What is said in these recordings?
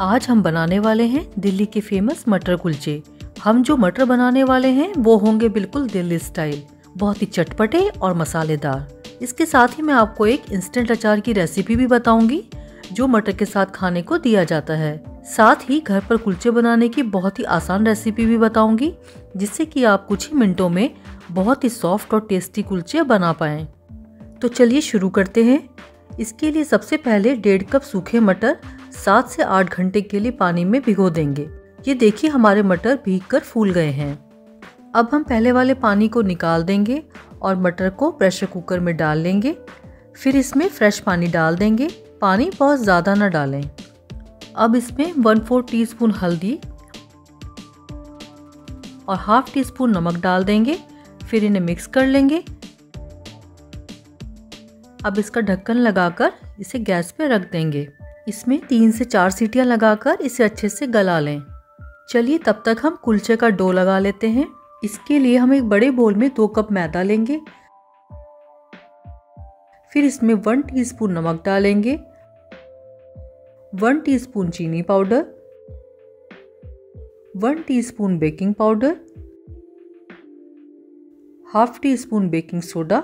आज हम बनाने वाले हैं दिल्ली के फेमस मटर कुलचे हम जो मटर बनाने वाले हैं वो होंगे बिल्कुल दिल्ली स्टाइल बहुत ही चटपटे और मसालेदार इसके साथ ही मैं आपको एक इंस्टेंट अचार की रेसिपी भी बताऊंगी जो मटर के साथ खाने को दिया जाता है साथ ही घर पर कुलचे बनाने की बहुत ही आसान रेसिपी भी बताऊंगी जिससे कि आप कुछ ही मिनटों में बहुत ही सॉफ्ट और टेस्टी कुलचे बना पाए तो चलिए शुरू करते हैं इसके लिए सबसे पहले डेढ़ कप सूखे मटर सात से आठ घंटे के लिए पानी में भिगो देंगे ये देखिए हमारे मटर भीग कर फूल गए हैं अब हम पहले वाले पानी को निकाल देंगे और मटर को प्रेशर कुकर में डाल लेंगे फिर इसमें फ्रेश पानी डाल देंगे पानी बहुत ज़्यादा ना डालें अब इसमें वन फोर टी स्पून हल्दी और हाफ टी स्पून नमक डाल देंगे फिर इन्हें मिक्स कर लेंगे अब इसका ढक्कन लगाकर इसे गैस पर रख देंगे इसमें तीन से चार सीटियाँ लगाकर इसे अच्छे से गला लें चलिए तब तक हम कुलचे का डो लगा लेते हैं इसके लिए हम एक बड़े बोल में दो कप मैदा लेंगे फिर इसमें वन टीस्पून नमक डालेंगे वन टीस्पून चीनी powder one teaspoon baking powder half teaspoon baking soda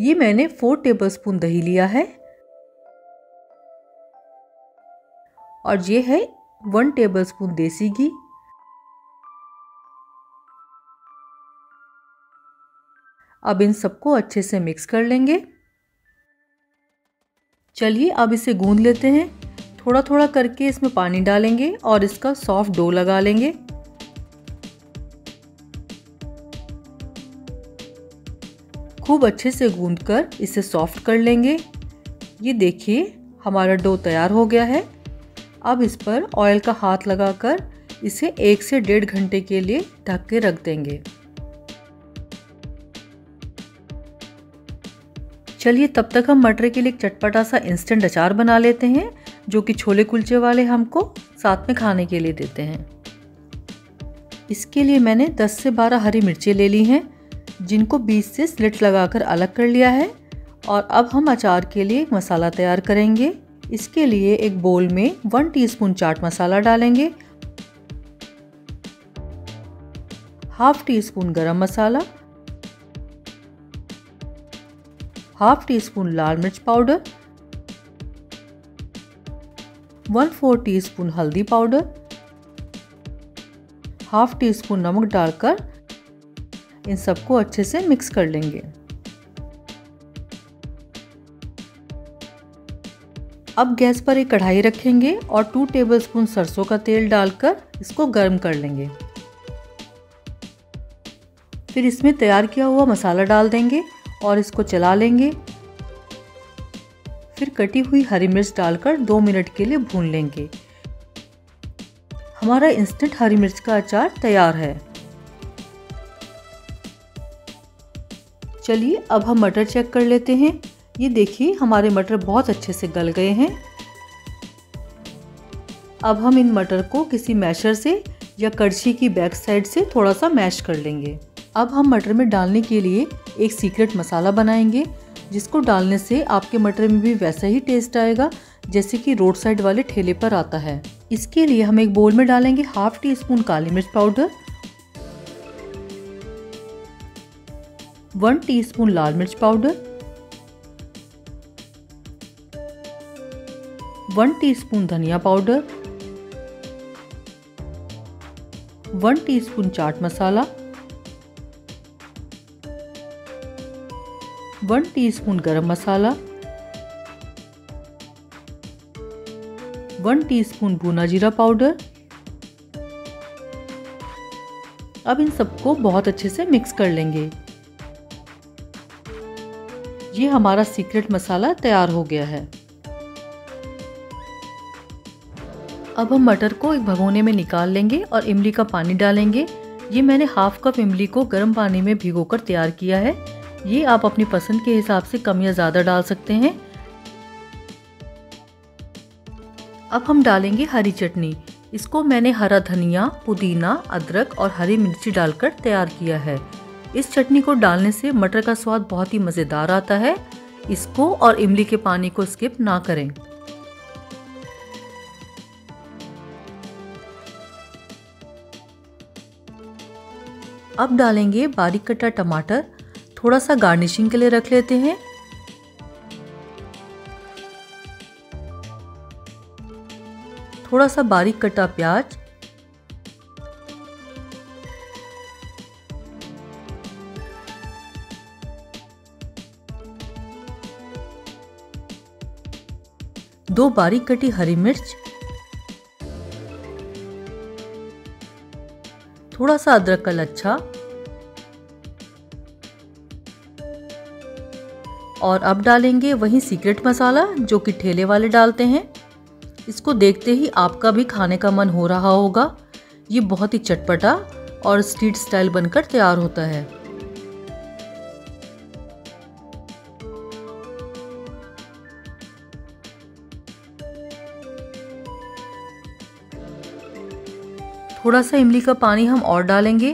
ये मैंने फोर टेबलस्पून दही लिया है और ये है वन टेबलस्पून देसी घी अब इन सबको अच्छे से मिक्स कर लेंगे चलिए अब इसे गूंद लेते हैं थोड़ा थोड़ा करके इसमें पानी डालेंगे और इसका सॉफ्ट डो लगा लेंगे खूब अच्छे से गूंद कर इसे सॉफ्ट कर लेंगे ये देखिए हमारा डो तैयार हो गया है अब इस पर ऑयल का हाथ लगाकर इसे एक से डेढ़ घंटे के लिए ढक के रख देंगे चलिए तब तक हम मटर के लिए एक चटपटा सा इंस्टेंट अचार बना लेते हैं जो कि छोले कुलचे वाले हमको साथ में खाने के लिए देते हैं इसके लिए मैंने 10 से 12 हरी मिर्चें ले ली हैं जिनको बीच से स्लिट लगाकर अलग कर लिया है और अब हम अचार के लिए एक मसाला तैयार करेंगे इसके लिए एक बोल में वन टीस्पून चाट मसाला डालेंगे half teaspoon garam masala half teaspoon लाल मिर्च powder one four teaspoon हल्दी पाउडर हाफ टी स्पून नमक डालकर इन सबको अच्छे से मिक्स कर लेंगे अब गैस पर एक कढ़ाई रखेंगे और टू टेबलस्पून सरसों का तेल डालकर इसको गर्म कर लेंगे फिर इसमें तैयार किया हुआ मसाला डाल देंगे और इसको चला लेंगे फिर कटी हुई हरी मिर्च डालकर दो मिनट के लिए भून लेंगे हमारा इंस्टेंट हरी मिर्च का अचार तैयार है चलिए अब हम मटर चेक कर लेते हैं ये देखिए हमारे मटर बहुत अच्छे से गल गए हैं अब हम इन मटर को किसी मैशर से या कड़छी की बैक साइड से थोड़ा सा मैश कर लेंगे अब हम मटर में डालने के लिए एक सीक्रेट मसाला बनाएंगे जिसको डालने से आपके मटर में भी वैसा ही टेस्ट आएगा जैसे कि रोड साइड वाले ठेले पर आता है इसके लिए हम एक बोल में डालेंगे हाफ टी स्पून काली मिर्च पाउडर वन टीस्पून लाल मिर्च पाउडर वन टीस्पून धनिया powder one teaspoon chaat masala one teaspoon garam masala one teaspoon भुना जीरा पाउडर अब इन सबको बहुत अच्छे से मिक्स कर लेंगे ये हमारा सीक्रेट मसाला तैयार हो गया है अब हम मटर को एक भगोने में निकाल लेंगे और इमली का पानी डालेंगे ये मैंने हाफ कप इमली को गर्म पानी में भिगोकर तैयार किया है ये आप अपनी पसंद के हिसाब से कम या ज़्यादा डाल सकते हैं अब हम डालेंगे हरी चटनी इसको मैंने हरा धनिया पुदीना अदरक और हरी मिर्ची डालकर तैयार किया है इस चटनी को डालने से मटर का स्वाद बहुत ही मज़ेदार आता है इसको और इमली के पानी को स्किप ना करें अब डालेंगे बारीक कटा टमाटर थोड़ा सा गार्निशिंग के लिए रख लेते हैं थोड़ा सा बारीक कटा प्याज दो बारीक कटी हरी मिर्च थोड़ा सा अदरक का लच्छा और अब डालेंगे वही सीक्रेट मसाला जो कि ठेले वाले डालते हैं इसको देखते ही आपका भी खाने का मन हो रहा होगा ये बहुत ही चटपटा और स्ट्रीट स्टाइल बनकर तैयार होता है थोड़ा सा इमली का पानी हम और डालेंगे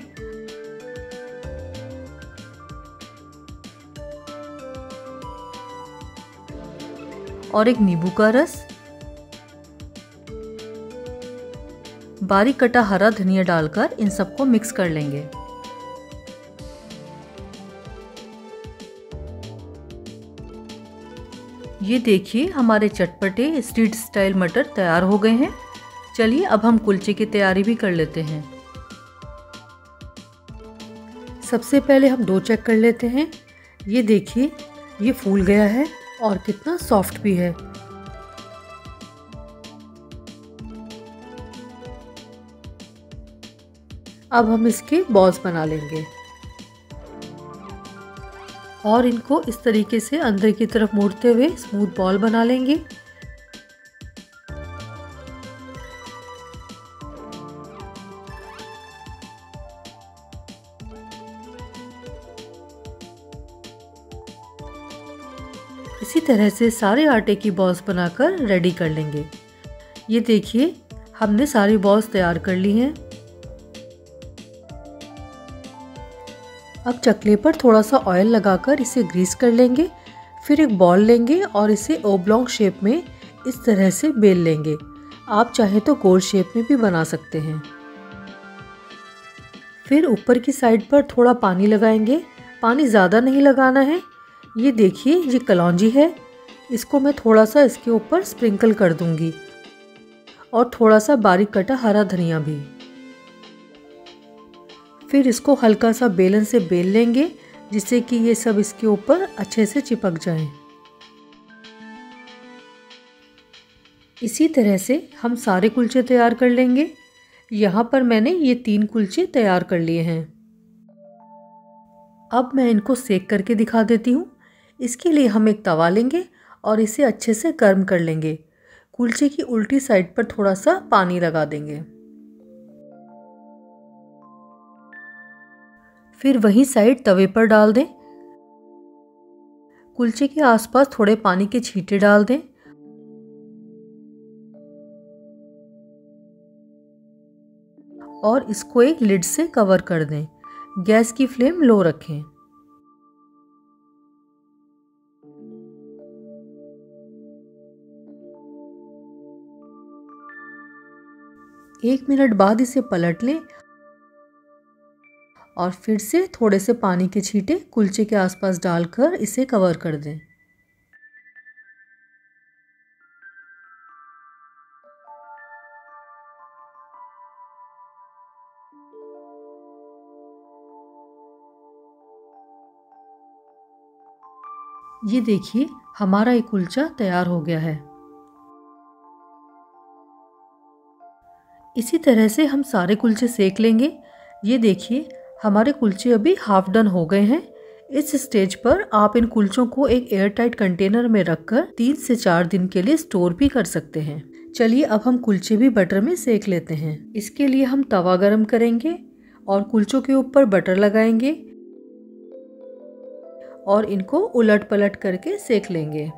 और एक नींबू का रस बारीक कटा हरा धनिया डालकर इन सबको मिक्स कर लेंगे ये देखिए हमारे चटपटे स्ट्रीट स्टाइल मटर तैयार हो गए हैं चलिए अब हम कुलचे की तैयारी भी कर लेते हैं सबसे पहले हम दो चेक कर लेते हैं ये देखिए ये फूल गया है और कितना सॉफ्ट भी है अब हम इसके बॉल्स बना लेंगे और इनको इस तरीके से अंदर की तरफ मोड़ते हुए स्मूथ बॉल बना लेंगे तरह से सारे आटे की बॉल्स बनाकर रेडी कर लेंगे ये देखिए हमने सारी बॉल्स तैयार कर ली हैं अब चकले पर थोड़ा सा ऑयल लगाकर इसे ग्रीस कर लेंगे फिर एक बॉल लेंगे और इसे ओब्लॉन्ग शेप में इस तरह से बेल लेंगे आप चाहे तो गोल शेप में भी बना सकते हैं फिर ऊपर की साइड पर थोड़ा पानी लगाएंगे पानी ज़्यादा नहीं लगाना है ये देखिए ये कलौजी है इसको मैं थोड़ा सा इसके ऊपर स्प्रिंकल कर दूंगी और थोड़ा सा बारीक कटा हरा धनिया भी फिर इसको हल्का सा बेलन से बेल लेंगे जिससे कि ये सब इसके ऊपर अच्छे से चिपक जाए इसी तरह से हम सारे कुलचे तैयार कर लेंगे यहाँ पर मैंने ये तीन कुलचे तैयार कर लिए हैं अब मैं इनको सेक करके दिखा देती हूँ इसके लिए हम एक तवा लेंगे और इसे अच्छे से गर्म कर लेंगे कुलचे की उल्टी साइड पर थोड़ा सा पानी लगा देंगे फिर वही साइड तवे पर डाल दें कुलचे के आसपास थोड़े पानी के छींटे डाल दें और इसको एक लिड से कवर कर दें गैस की फ्लेम लो रखें एक मिनट बाद इसे पलट लें और फिर से थोड़े से पानी के छींटे कुलचे के आसपास डालकर इसे कवर कर दें ये देखिए हमारा ये कुलचा तैयार हो गया है इसी तरह से हम सारे कुलचे सेक लेंगे ये देखिए हमारे कुलचे अभी हाफ डन हो गए हैं इस स्टेज पर आप इन कुलचों को एक एयर टाइट कंटेनर में रखकर तीन से चार दिन के लिए स्टोर भी कर सकते हैं चलिए अब हम कुलचे भी बटर में सेक लेते हैं इसके लिए हम तवा गर्म करेंगे और कुलचों के ऊपर बटर लगाएंगे और इनको उलट पलट करके सेक लेंगे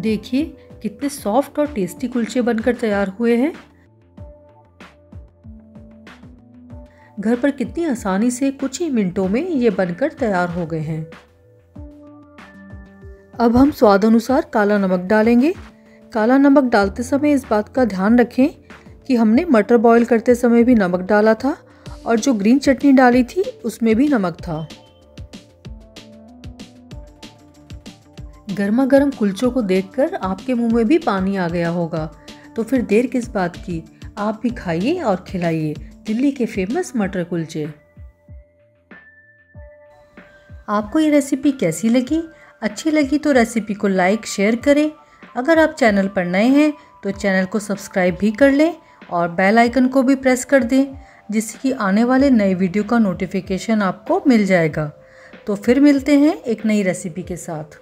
देखिए कितने सॉफ्ट और टेस्टी कुलचे बनकर तैयार हुए हैं घर पर कितनी आसानी से कुछ ही मिनटों में ये बनकर तैयार हो गए हैं अब हम स्वाद अनुसार काला नमक डालेंगे काला नमक डालते समय इस बात का ध्यान रखें कि हमने मटर बॉईल करते समय भी नमक डाला था और जो ग्रीन चटनी डाली थी उसमें भी नमक था गर्मा गर्म कुलचों को देखकर आपके मुंह में भी पानी आ गया होगा तो फिर देर किस बात की आप भी खाइए और खिलाइए दिल्ली के फेमस मटर कुलचे आपको ये रेसिपी कैसी लगी अच्छी लगी तो रेसिपी को लाइक शेयर करें अगर आप चैनल पर नए हैं तो चैनल को सब्सक्राइब भी कर लें और बेल आइकन को भी प्रेस कर दें जिससे कि आने वाले नए वीडियो का नोटिफिकेशन आपको मिल जाएगा तो फिर मिलते हैं एक नई रेसिपी के साथ